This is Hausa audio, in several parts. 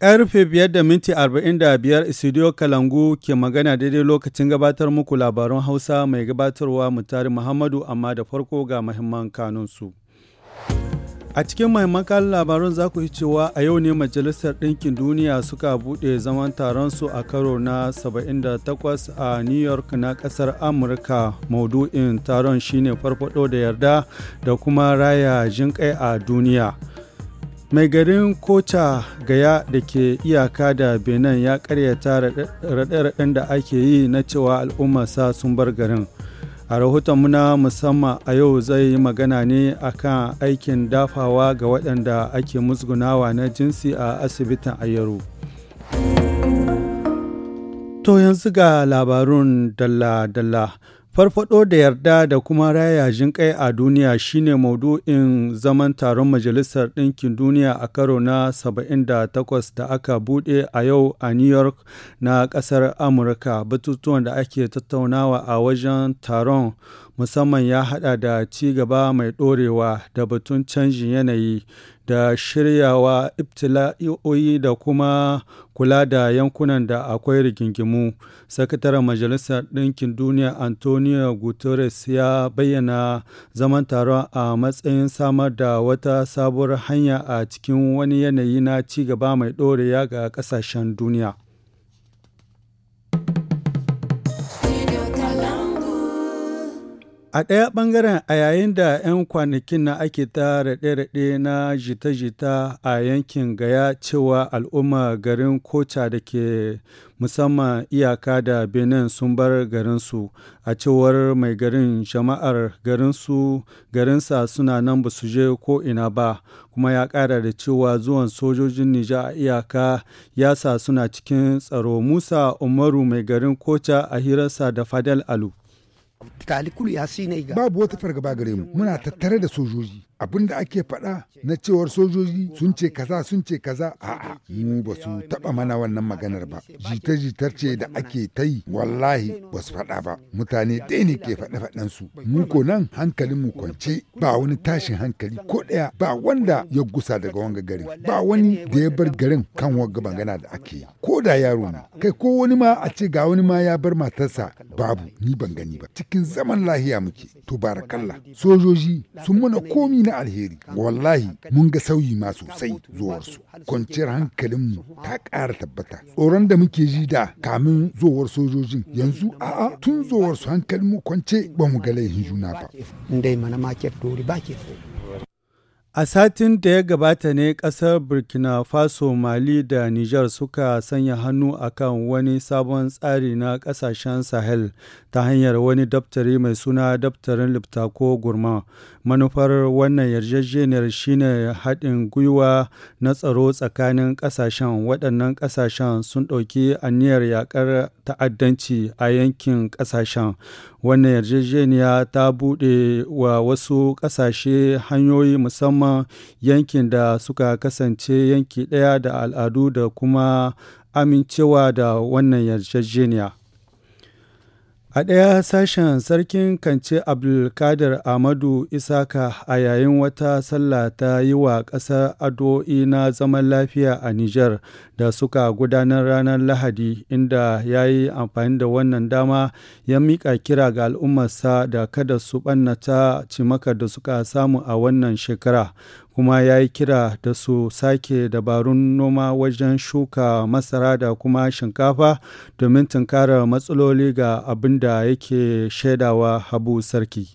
Karfe biyar da minti arba'in da biyar Studio Kalangu ke magana daidai lokacin gabatar muku labarun Hausa mai gabatarwa Mutari Muhammadu amma da farko ga mahimman kanunsu. A cikin mahimman kan labarun za ku yi cewa a yau ne Majalisar Ɗinkin Duniya suka buɗe zaman taron su a karo na 78 a New York na ƙasar Amurka. Maudu'in taron shine farfaɗo da yarda da kuma raya jinƙai a duniya. mai garin kota gaya da ke iyaka da benin ya karyata raɗe-raɗen da ake yi na cewa al'ummarsa sun bar garin a rahoton muna musamman a yau zai yi magana ne akan aikin dafawa ga waɗanda ake musgunawa na jinsi a asibitin ayaru to yanzu ga labarun dalla-dalla Farfaɗo da yarda da kuma raya kai a duniya shine maudu'in zaman taron Majalisar Ɗinkin Duniya a karo na 78 da aka buɗe a yau a New York na ƙasar Amurka. Batutuwan da ake tattaunawa a wajen taron musamman ya haɗa da ci gaba mai ɗorewa da batun canjin yanayi da shiryawa ibtila'i'o'i da kuma kula da yankunan da akwai rigingimu sakataren majalisar ɗinkin duniya antonio guterres ya bayyana zaman taron a matsayin samar da wata sabuwar hanya a cikin wani yanayi na ci gaba mai ɗorewa ga ƙasashen duniya A ɗaya ɓangaren a yayin da 'yan kwanakin na ake ta raɗe-raɗe na jita-jita a yankin gaya cewa al'umma garin Kocha da ke musamman iyaka da Benin sun bar garinsu a cewar mai garin jama'ar garinsu garinsa suna nan ba su je ko ina ba kuma ya ƙara da cewa zuwan sojojin Nija a iyaka ya sa suna cikin tsaro Musa Umaru mai garin Kocha a hirarsa da Fadel Alu. talikul ya si ga babu wata fargaba gare mu muna tattare da sojoji abin da ake faɗa na cewar sojoji sun ce kaza sun ce kaza a'a mu ba su taɓa mana wannan maganar ba jita-jitar ce da ake ta yi wallahi ba su faɗa ba mutane ɗaya ne ke faɗe su mu ko nan hankalin mu kwance ba wani tashin hankali ko ɗaya ba wanda ya gusa daga wanga garin ba wani da ya bar garin kan wanga bangana da ake yi ko da yaro ne kai ko wani ma a ce ga wani ma ya bar matarsa babu ni ban gani ba cikin zaman lahiya muke to barakallah sojoji sun mana komi na alheri wallahi mun ga sauyi ma sosai zuwarsu kwanciyar hankalinmu ta ƙara tabbata tsoron da muke ji da kamin zuwar sojojin yanzu a'a tun zuwarsu hankalinmu kwance ba mu ga laifin juna ba. Ndai mana ma ba ke A satin da ya gabata ne ƙasar Burkina Faso, Mali da Nijar suka sanya hannu a kan wani sabon tsari na ƙasashen Sahel ta hanyar wani daftari mai suna daftarin Liptako Gurma. Manufar wannan yarjejeniyar shine haɗin gwiwa na tsaro tsakanin ƙasashen. Waɗannan ƙasashen sun ɗauki aniyar yaƙar ta'addanci a yankin ƙasashen. Wannan yarjejeniya ta buɗe wa wasu ƙasashe hanyoyi musamman musamman yankin da suka kasance yanki ɗaya da al'adu da kuma amincewa da wannan yarjejeniya. A ɗaya sashen sarkin Kance Abdulkadir ahmadu Isaka a yayin wata sallah ta yi wa ƙasar addu'o'i na zaman lafiya a Nijar da suka gudanar ranar Lahadi inda ya yi amfani da wannan dama ya miƙa kira ga al'ummarsa da kada su ɓannata cimaka da suka samu a wannan shekara. kuma ya yi kira da su sake dabarun noma wajen shuka masara da kuma shinkafa domin tunkara matsaloli ga abin da yake shaidawa habu sarki.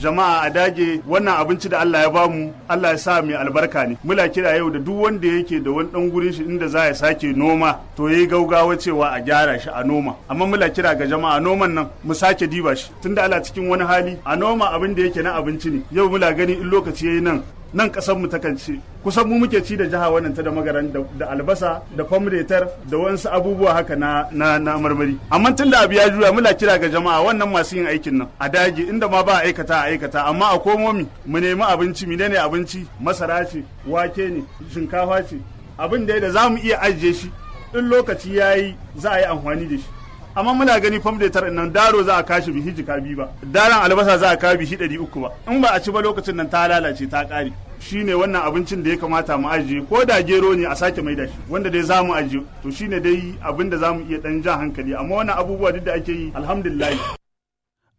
jama'a a dage wannan abinci da Allah ya bamu Allah ya sa mai albarka ne mula kira yau da duk wanda yake da wani dan gurin shi inda za ya sake noma to yayi gaugawa cewa a gyara shi a noma amma mula kira ga jama'a noman nan mu sake diba shi tunda Allah cikin wani hali a noma abin da yake na abinci ne yau mula gani in lokaci yayi nan nan kasar mu takan ci kusan mu muke ci da jiha wannan ta da magaran da albasa da famretar da wasu abubuwa haka na na, na marmari amma tun da abu ya juya muna kira ga jama'a wannan masu yin aikin nan a daji inda ma ba aikata a aikata amma a komomi mu nemi abinci menene abinci masara ce wake ne shinkafa ce abin da za mu iya ajiye shi in lokaci yayi za a yi amfani da shi amma muna gani fam da tar nan daro za a kashi bihi jika bi ba daran albasa za a kawo bihi ɗari uku ba in ba a ci ba lokacin nan ta lalace ta ƙare shine wannan abincin da ya kamata mu ajiye ko da gero ne a sake mai shi wanda dai zamu ajiye to shine dai abin da zamu iya dan jan hankali amma wannan abubuwa duk da ake yi alhamdulillah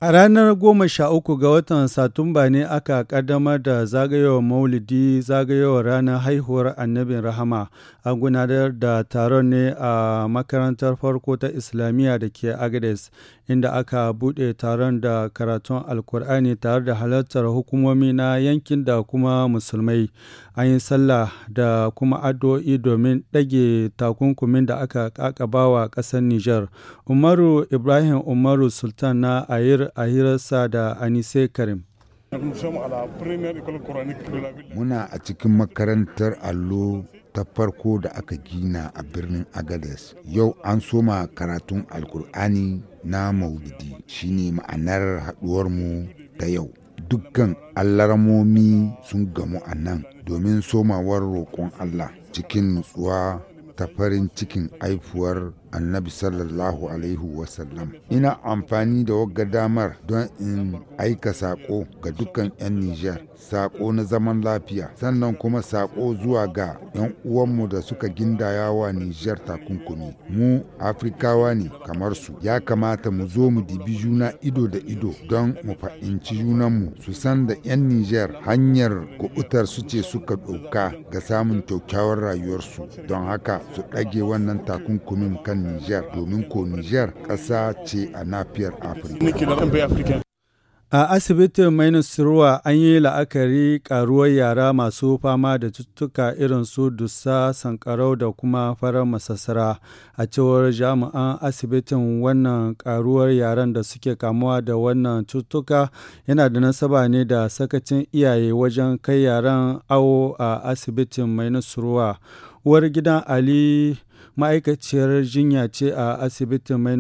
A ranar goma sha uku ga watan Satumba ne aka kaddamar da zagayowar Maulidi zagayowar ranar haihuwar annabin Rahama. An gudanar da taron ne a makarantar farko ta Islamiyya da ke Agades, inda aka buɗe taron da karatun alkur'ani tare da halartar hukumomi na yankin da kuma musulmai an yi sallah da kuma addu'o'i domin ɗage takunkumin da aka ƙaƙabawa ƙasar niger umaru ibrahim umaru sultan na ayir ahirarsa da anise karim muna a cikin makarantar allo ta farko da aka gina a birnin agadez yau an soma karatun alkur'ani na maulidi shine ma'anar mu ta yau dukkan allarmomi sun gamu a nan domin somawar roƙon Allah cikin nutsuwa ta farin cikin aifuwar annabi sallallahu alaihi wasallam ina amfani da wagga damar don in aika saƙo ga dukkan 'yan nijar Saƙo na zaman lafiya sannan kuma saƙo zuwa ga 'yan uwanmu da suka gindaya wa nijar takunkumi mu afrikawa ne kamar su ya kamata mu zo mu dibi juna ido da ido don mu fahimci junanmu su san da 'yan nijar hanyar kubutar su ce suka ɗauka ga samun kyakkyawar rayuwarsu don haka su ɗage wannan takunkumin kan Niger domin ko Niger ƙasa ce a nafiyar Afirka. A asibitin Mainus Ruwa an yi la'akari karuwar yara masu fama da cututtuka irin su dusa, sankarau da kuma farar masasara A cewar jami'an asibitin wannan karuwar yaran da suke kamuwa da wannan cututtuka yana da nasaba ne da sakacin iyaye wajen kai yaran awo a asibitin Mainus Ruwa. Uwar gidan Ali ma'aikaciyar jinya ce a asibitin mai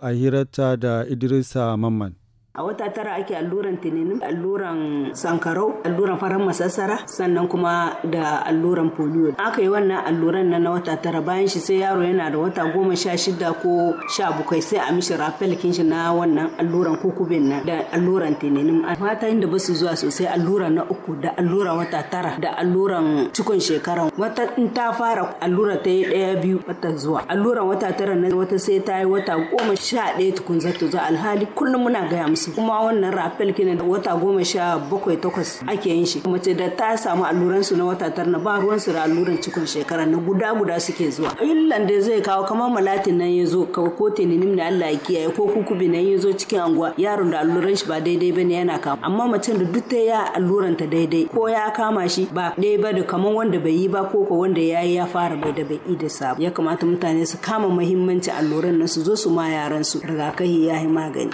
a hirarta da Idrisa Mamman. a wata tara ake alluran tinini alluran sankarau alluran farar masassara sannan kuma da alluran polio aka yi wannan alluran na wata tara bayan shi sai yaro yana da wata goma sha shida ko sha bakwai sai a mishi rafel shi na wannan alluran kukubin na. da alluran tininin matan da basu zuwa sosai alluran na uku da alluran wata tara da alluran cikon shekaran wata in ta fara allura ta yi ɗaya biyu wata zuwa alluran wata tara na wata sai ta yi wata goma sha ɗaya tukun zato alhali kullum muna gaya musu su kuma wannan rapel da wata goma sha bakwai takwas ake yin shi mace da ta samu alluran su na wata tarna ba ruwan su da alluran cikon shekara na guda guda suke zuwa illan da zai kawo kamar malatin nan ya zo ko teninim da Allah ya kiyaye ko kukubi nan ya zo cikin anguwa yaron da alluran shi ba daidai ba bane yana kama amma macen da duk ta ya alluran ta daidai ko ya kama shi ba daidai ba da kamar wanda bai yi ba ko ko wanda ya ya fara bai da bai da sabo ya kamata mutane su kama muhimmanci alluran nan su zo su ma yaran su rigakafi ya yi magani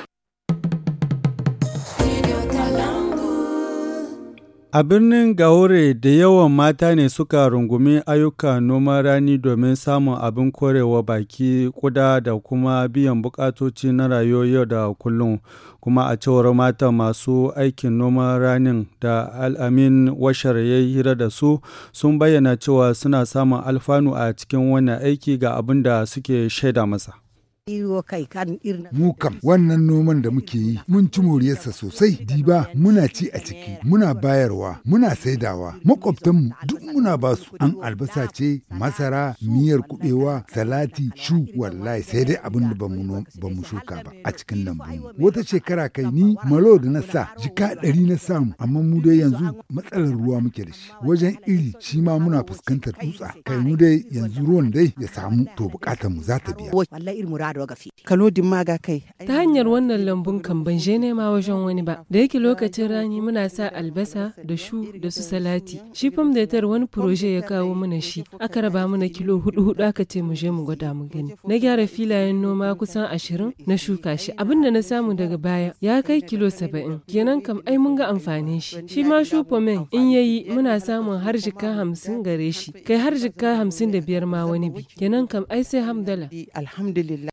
A birnin Gaure da yawan mata ne suka rungumi ayyukan noman rani domin samun abin korewa baki kuda da kuma biyan bukatoci na rayuwa da kullum, kuma a cewar mata masu aikin noman ranin da al'amin washar ya hira da su sun bayyana cewa suna samun alfanu a cikin wannan aiki ga abin da suke shaida masa. Mu kam wannan noman da muke yi mun ci moriyarsa sosai diba muna ci a ciki muna bayarwa muna saidawa mu duk muna basu an albasa ce masara miyar kubewa salati shu wallahi sai dai abin da ba mu shuka ba a cikin lambu wata shekara kai ni malo da na sa jika ɗari na samu amma mu dai yanzu matsalar ruwa muke da shi wajen iri shi ma muna fuskantar dutsa kai mu dai yanzu ruwan dai ya samu to bukatar mu za ta biya ma ga kai ta hanyar wannan lambun kan ban je nema wajen wani ba da yake lokacin rani muna sa albasa da shu da su salati shi fam da wani proje ya kawo mana shi aka raba mana kilo hudu hudu aka ce mu je mu gwada mu gani na gyara filayen noma kusan ashirin na shuka shi abinda na samu daga baya ya kai kilo saba'in kenan kam ai mun ga amfanin shi shi ma shupomen in yayi muna samun har jika hamsin gare shi kai har jika hamsin da biyar ma wani bi kenan kam ai sai hamdala alhamdulillah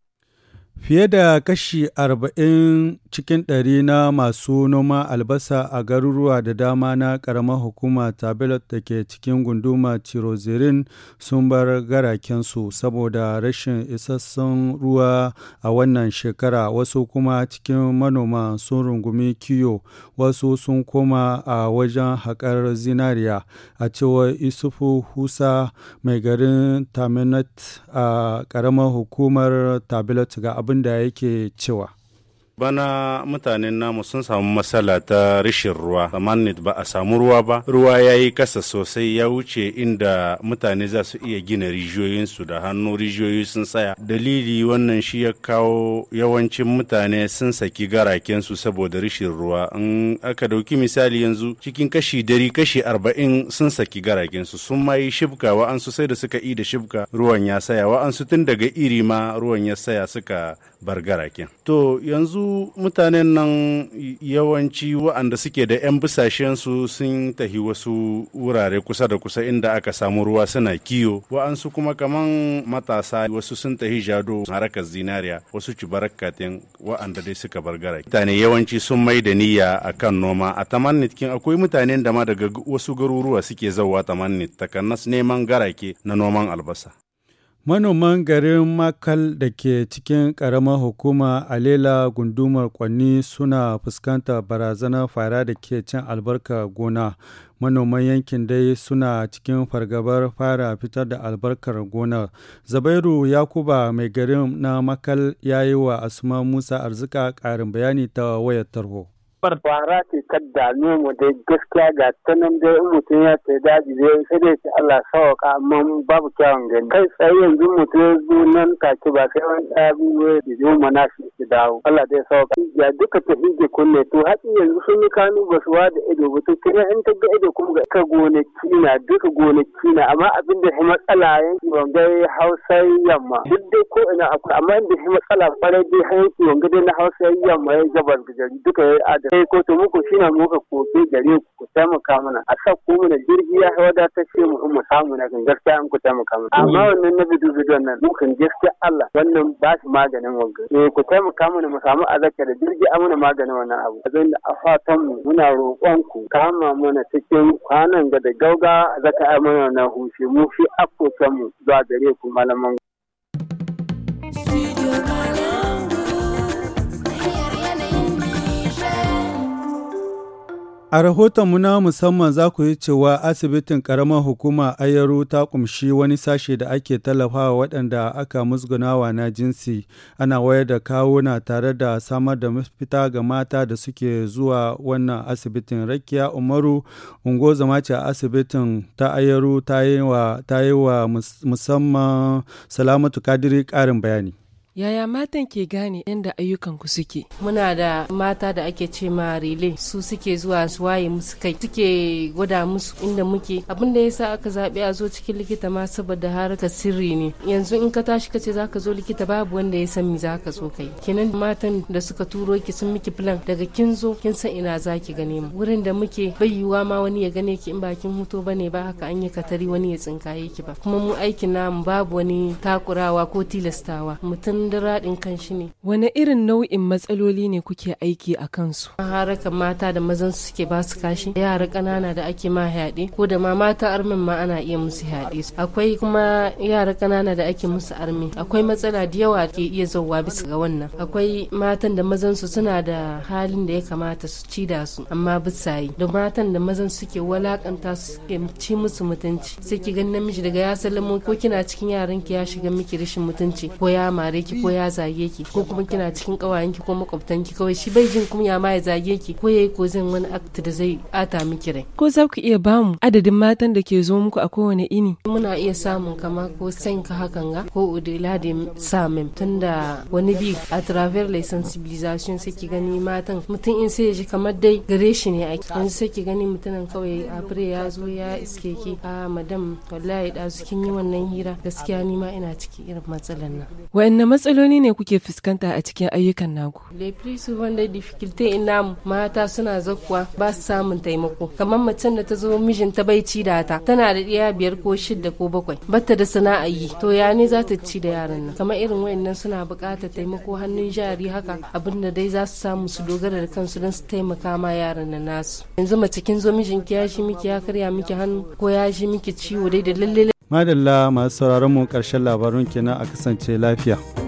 Fiye da kashi arba'in cikin ɗari na masu noma albasa a garuruwa da dama na ƙaramar hukuma Tarbellum da ke cikin gundumar Tirozirin sun bar garakensu saboda rashin isassun ruwa a wannan shekara, wasu kuma cikin manoma sun rungumi kiyo, wasu sun koma a wajen haƙar zinariya, a cewar Isufu Husa mai garin Taminat a ƙaramar hukumar Tarbellum ga abin da yake cewa. bana mutanen namu sun samu matsala ta rashin ruwa samanit ba a samu ruwa ba ruwa ya yi kasa sosai ya wuce inda mutane za su iya gina rijiyoyinsu da hannu rijiyoyi sun tsaya dalili wannan shi ya kawo yawancin mutane sun saki garakensu saboda rashin ruwa in aka dauki misali yanzu cikin kashi dari kashi arba'in sun saki garakensu sun ma yi shibka wa'ansu sai da suka yi da shibka ruwan ya saya wa'ansu tun daga iri ma ruwan ya saya suka bar garaken to yanzu su mutanen nan yawanci wa'anda suke da 'yan bisashensu sun tahi wasu wurare kusa da kusa inda aka samu ruwa suna kiyo wa'ansu kuma kaman matasa wasu sun tahi jado harakar zinariya wasu cibarakatin wa'anda dai suka bar gara mutane yawanci sun mai da niyya a kan noma a kin akwai mutanen da ma daga wasu garuruwa suke zauwa tamannit takannas neman garake na noman albasa Manoman garin Makal da ke cikin ƙaramar hukuma Alela gundumar Kwanni suna fuskanta barazanar fara da ke cin albarka gona. Manoman yankin dai suna cikin fargabar fara fitar da albarkar gonar. Zabairu Yakuba mai garin na Makal ya yi wa Asma Musa arzika ƙarin bayani ta wayar tarho. bar bara ce ta dame mu dai gaskiya ga ta nan dai in mutum ya ce daji dai sai dai ce Allah sauka amma babu kyawun gani kai tsaye yanzu mutum ya zo nan take ba sai wani ɗaya biyu ya zo mana shi ki dawo Allah dai sauka ya duka ta hige kunne to haƙi yanzu sun yi kanu ba su wada ido ba to kira in ta ga ido kuma ka gonaki na duka gonaki na amma abin da matsala yanki ya hausa yamma duk dai ko ina akwai amma inda matsala kwarai dai yanki dai na hausa yamma ya gabas gajari duka ya yi da eh, kai ko to muku shi na muka koke gare ku ku taimaka mana a sa ku mana jirgi ya ta ce mu mu samu na kan gaskiya an ku taimaka mana amma wannan na bidu bidu nan mu kan gaskiya Allah wannan ba shi maganin wanga eh ku taimaka mana mu samu azaka da jirgi a mana maganin wannan abu a da a fatan mu muna roƙon ku kama mana cikin kwanan ga da gauga azaka a mana na hushi mu fi mu zuwa gare ku malaman Studio Mala. A rahoton na musamman za ku yi cewa asibitin ƙaramar hukuma Ayaru ta kumshi wani sashe da ake tallafawa waɗanda aka musgunawa na jinsi ana wayar da kawuna tare da samar da mafita ga mata da suke zuwa wannan asibitin Rakiya Umaru zama ce asibitin ta Ayaru ta yi wa musamman Salamatu Kadiri ƙarin bayani. Yaya matan ke gane yadda ayyukanku suke? Muna da mata da ake ce ma rile su suke zuwa su waye musu kai suke gwada musu inda muke abin da yasa aka zaɓi a zo cikin likita ma saboda harkar sirri ne yanzu in ka tashi ka ce zaka zo likita babu wanda ya san me zaka zo kai kenan matan da suka turo ki sun miki plan daga kin zo kin san ina zaki gane mu wurin da muke bai yiwuwa ma wani ya gane ki in bakin huto bane ba haka an yi katari wani ya tsinkaye ki ba kuma mu aikin namu babu wani takurawa ko tilastawa mutum kundin raɗin kan shi ne. Wane irin nau'in matsaloli ne kuke aiki a kansu? Harakan mata da mazan suke ba su kashi, yara ƙanana da ake ma yaɗe, ko da ma mata armin ma ana iya musu yaɗe Akwai kuma yara ƙanana da ake musu armi. Akwai matsala da yawa ke iya zauwa bisa ga wannan. Akwai matan da mazan su suna da halin da ya kamata su ci da su, amma bisa yi. Da matan da mazan suke walakanta su suke ci musu mutunci. Sai ki gan namiji daga ya sallamo ko kina cikin yaran ki ya shiga miki rashin mutunci ko ya mare ki ko ya zage ki ko kuma kina cikin kawayen ki ko makwabtan ki kawai shi bai jin kunya ma ya zage ki ko yayi ko zan wani act da zai ata miki rai ko za ku iya bamu adadin matan da ke zo muku a kowane ini muna iya samun kama ko ka hakan ga ko udela da samin tunda wani bi a travers les sensibilisation sai ki gani matan mutum in sai ya ji kamar dai gare shi ne ake yanzu sai ki gani mutumin kawai a ya zo ya iske ki a madam wallahi da su kin yi wannan hira gaskiya ni ma ina cikin irin matsalan nan wa'anne matsaloli ne kuke fuskanta a cikin ayyukan naku? Le su wanda difficulty ina mata suna zakuwa ba su samun taimako. Kamar macen da ta zo ta bai ci da ta tana da ɗiya biyar ko shidda ko bakwai batta da sana'a yi to ya ne za ta ci da yaran nan. Kamar irin wayannan suna buƙatar taimako hannun jari haka abinda dai za su samu su dogara da kansu don su taimaka ma yaran nan nasu. Yanzu mace kin zo mijinki ya shi miki ya karya miki hannu ko ya shi miki ciwo dai da lalle madalla masu sauraron mu karshen labarun kenan a kasance lafiya.